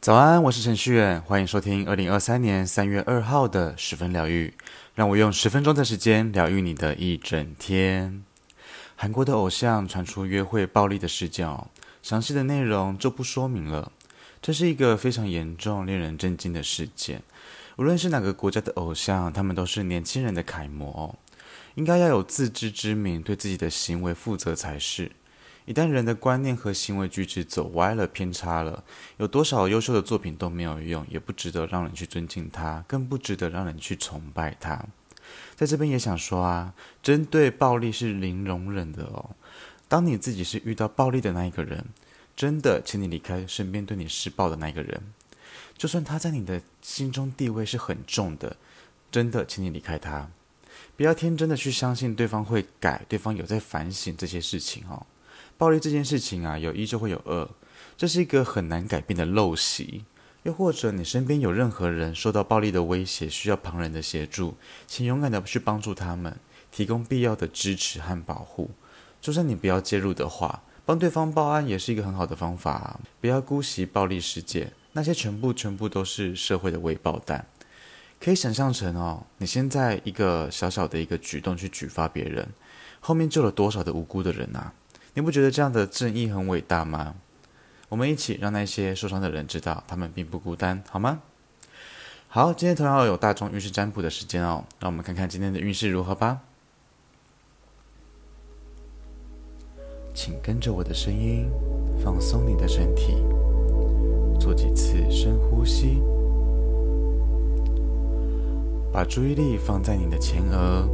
早安，我是陳旭。歡迎收聽二零二三年三月二號的十分療癒。讓我用十分鐘的時間療癒你的一整天。韓國的偶像傳出約會暴力的事件、哦，詳細的內容就不說明了。這是一個非常嚴重、令人震驚的事件。無論是哪個國家的偶像，他們都是年輕人的楷模。應該要有自知之明，對自己的行為負責才是。一旦人的觀念和行為舉止走歪了，偏差了，有多少優秀的作品都沒有用，也不值得讓人去尊敬他，更不值得讓人去崇拜他。在這邊也想說啊，針對暴力是零容忍的哦。當你自己是遇到暴力的那一個人，真的，請你離開身邊對你施暴的那一個人，就算他在你的心中地位是很重的，真的，請你離開他。不要天真的去相信對方會改，對方有在反省這些事情哦。暴力這件事情啊，有一就會有二，這是一個很難改變的陋習。又或者你身邊有任何人受到暴力的威脅，需要旁人的協助，請勇敢的去幫助他們，提供必要的支持和保護。就算你不要介入的話，幫對方報案也是一個很好的方法啊。不要姑息暴力事件，那些全部全部都是社會的未爆彈。可以想象成哦，你現在一個小小的一個舉動去舉發別人，後面救了多少的無辜的人啊？你不覺得這樣的正義很偉大嗎？我們一起讓那些受傷的人知道，他們並不孤單，好嗎？好，今天同樣有大眾運勢占卜的時間哦，讓我們看看今天的運勢如何吧。請跟着我的聲音，放鬆你的身體，做幾次深呼吸。把注意力放在你的前額，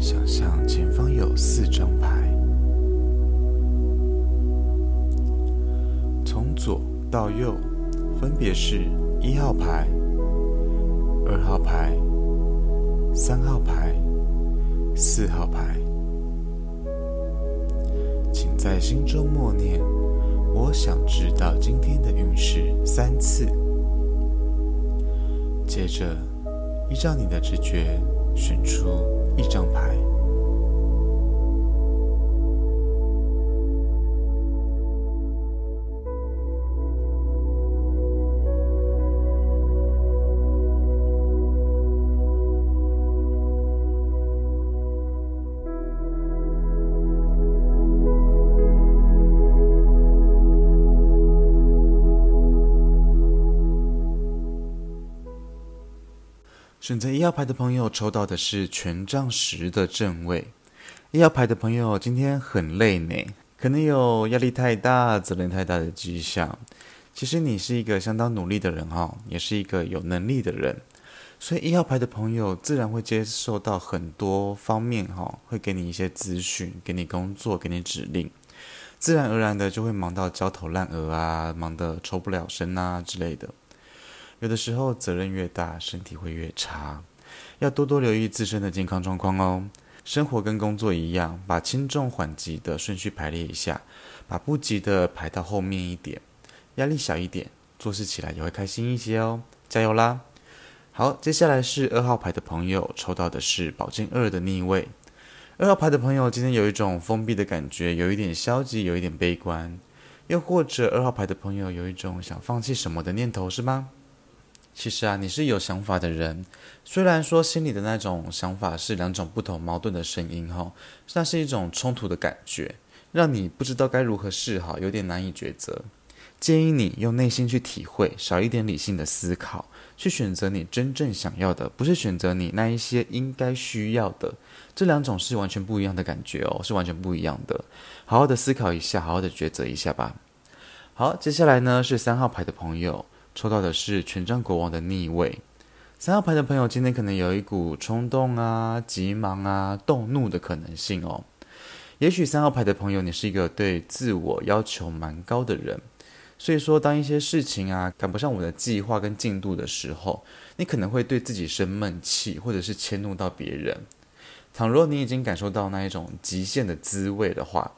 想象前方有四張牌，從左到右分別是：一號牌、二號牌、三號牌、四號牌。請在心中默念“我想知道今天的運勢”三次，接着。依照你的直覺，選出一張牌。選擇一號牌的朋友抽到的是權杖十的正位。一號牌的朋友今天很累呢，可能有壓力太大、責任太大的跡象。其實你是一個相當努力的人哈、哦，也是一個有能力的人，所以一號牌的朋友自然會接受到很多方面哈、哦，會給你一些資訊、給你工作、給你指令，自然而然的就會忙到焦頭爛額啊，忙得抽不了身啊之類的。有的時候責任越大，身體會越差，要多多留意自身的健康狀況哦。生活跟工作一樣，把輕重緩急的順序排列一下，把不急的排到後面一點，壓力小一點，做事起來也會開心一些哦。加油啦！好，接下來是二號牌的朋友，抽到的是寶劍二的逆位。二號牌的朋友今天有一種封閉的感覺，有一點消極，有一點悲觀。又或者二號牌的朋友有一種想放棄什麼的念頭，是嗎？其實啊，你是有想法的人，雖然說心裡的那種想法是兩種不同矛盾的聲音哈，那是一種衝突的感覺，讓你不知道該如何是好，有點難以抉擇。建議你用內心去體會，少一點理性的思考，去選擇你真正想要的，不是選擇你那一些應該需要的。這兩種是完全不一樣的感覺哦，是完全不一樣的。好好的思考一下，好好的抉擇一下吧。好，接下來呢，是三號牌的朋友。抽到的是權杖國王的逆位，三號牌的朋友今天可能有一股衝動啊、急忙啊、動怒的可能性哦。也許三號牌的朋友，你是一個對自我要求蠻高的人，所以說當一些事情啊趕不上我的計劃跟進度的時候，你可能會對自己生悶氣，或者是遷怒到別人。倘若你已經感受到那一種極限的滋味的話，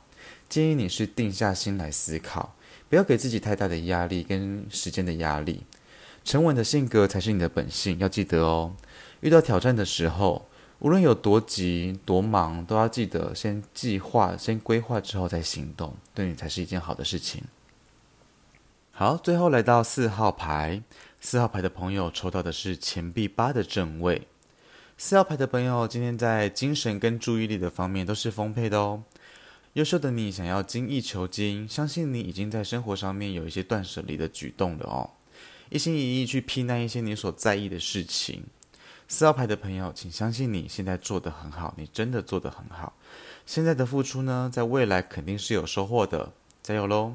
建議你是定下心來思考。不要給自己太大的壓力跟時間的壓力，沉穩的性格才是你的本性，要記得哦。遇到挑戰的時候，無論有多急多忙，都要記得先計劃、先規劃之後再行動，對你才是一件好的事情。好，最後來到四號牌，四號牌的朋友抽到的是錢幣八的正位，四號牌的朋友今天在精神跟注意力的方面都是豐沛的哦。優秀的你想要精益求精，相信你已經在生活上面有一些斷捨離的舉動了哦，一心一意去批那一些你所在意的事情。四號牌的朋友，請相信你現在做得很好，你真的做得很好，現在的付出呢，在未來肯定是有收穫的，加油嘍！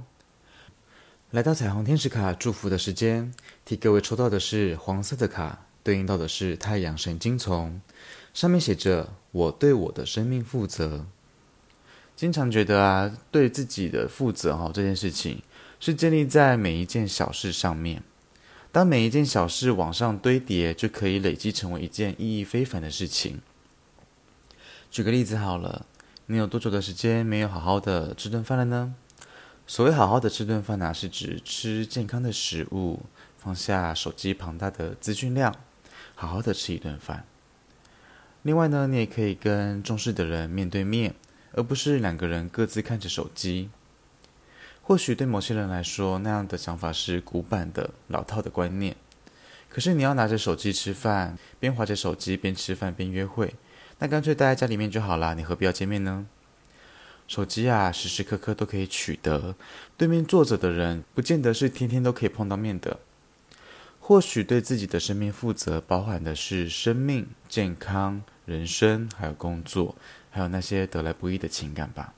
來到彩虹天使卡祝福的時間，替各位抽到的是黃色的卡，對應到的是太陽神經叢，上面寫着：“我對我的生命負責。”經常覺得啊，對自己的負責哦，這件事情是建立在每一件小事上面。當每一件小事往上堆疊，就可以累積成為一件意義非凡的事情。舉個例子好了，你有多久的時間沒有好好的吃頓飯了呢？所謂好好的吃頓飯呢、啊，是指吃健康的食物，放下手機龐大的資訊量，好好的吃一頓飯。另外呢，你也可以跟重視的人面對面。而不是兩個人各自看着手機。或許對某些人來說，那樣的想法是古板的老套的觀念。可是你要拿着手機吃飯，邊滑着手機邊吃飯邊約會，那乾脆待在家裡面就好了。你何必要見面呢？手機啊，時時刻刻都可以取得，對面坐着的人，不見得是天天都可以碰到面的。或許對自己的生命負責，包含的是生命、健康、人生，還有工作。還有那些得來不易的情感吧，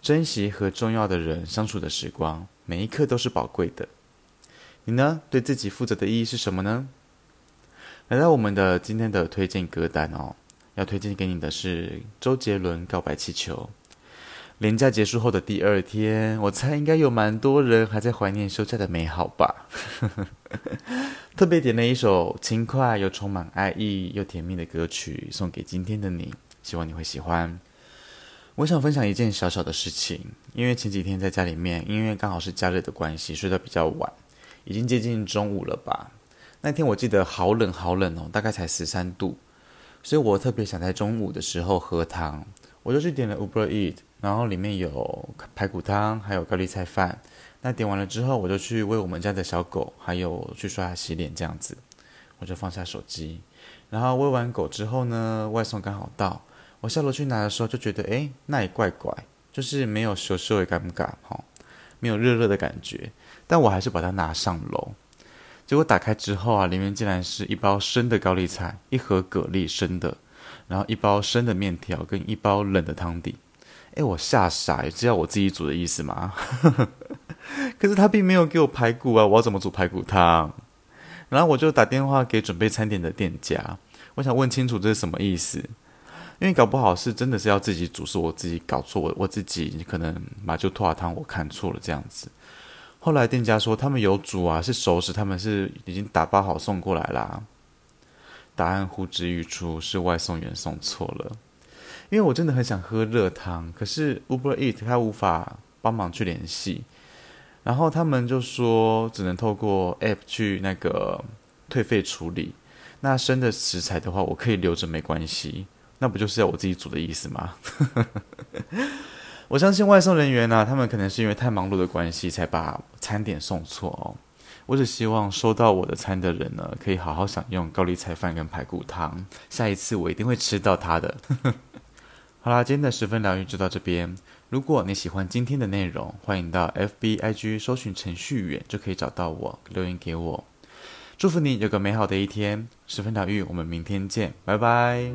珍惜和重要的人相處的時光，每一刻都是寶貴的。你呢？對自己負責的意義是什麼呢？來到我們的今天的推薦歌單哦，要推薦給你的是周杰倫《告白氣球》。連假結束後的第二天，我猜應該有蠻多人還在懷念休假的美好吧。 特別點了一首輕快又充滿愛意又甜蜜的歌曲，送給今天的你。希望你會喜歡。我想分享一件小小的事情，因為前幾天在家裡面，因為剛好是假日的關係，睡得比較晚，已經接近中午了吧。那天我記得好冷好冷哦，大概才十三度，所以我特別想在中午的時候喝湯，我就去點了 Uber Eat，然後裡面有排骨湯，還有高麗菜飯。那點完了之後，我就去餵我們家的小狗，還有去刷牙洗臉這樣子，我就放下手機。然後餵完狗之後呢，外送剛好到。我下樓去拿的時候就覺得，哎、欸，那也怪怪，就是沒有羞羞的尷尬哈，沒有熱熱的感覺，但我還是把它拿上樓。結果打開之後啊，裡面竟然是一包生的高麗菜，一盒蛤蜊生的，然後一包生的麵條跟一包冷的湯底。哎、欸，我嚇傻，知道我自己煮的意思嗎？ 可是他並沒有給我排骨啊，我要怎麼煮排骨湯？然後我就打電話給準備餐點的店家，我想問清楚這是什麼意思。因為搞不好是真的是要自己煮，是我自己搞錯，我我自己可能馬就托爾湯我看錯了這樣子。後來店家說他們有煮啊，是熟食，他們是已經打包好送過來啦。答案呼之欲出，是外送員送錯了。因為我真的很想喝熱湯，可是 Uber Eat 他無法幫忙去聯繫，然後他們就說只能透過 App 去那個退費處理。那生的食材的話，我可以留着沒關係。那不就是要我自己煮的意思嗎？ 我相信外送人員呢、啊，他們可能是因為太忙碌的關係，才把餐點送錯哦。我只希望收到我的餐的人呢，可以好好享用高麗菜飯跟排骨湯。下一次我一定會吃到他的。 好啦，今天的十分療癒就到這邊。如果你喜歡今天的內容，歡迎到 FBIG 搜尋程序員，就可以找到我，留言給我。祝福你有個美好的一天，十分療癒。我們明天見，拜拜。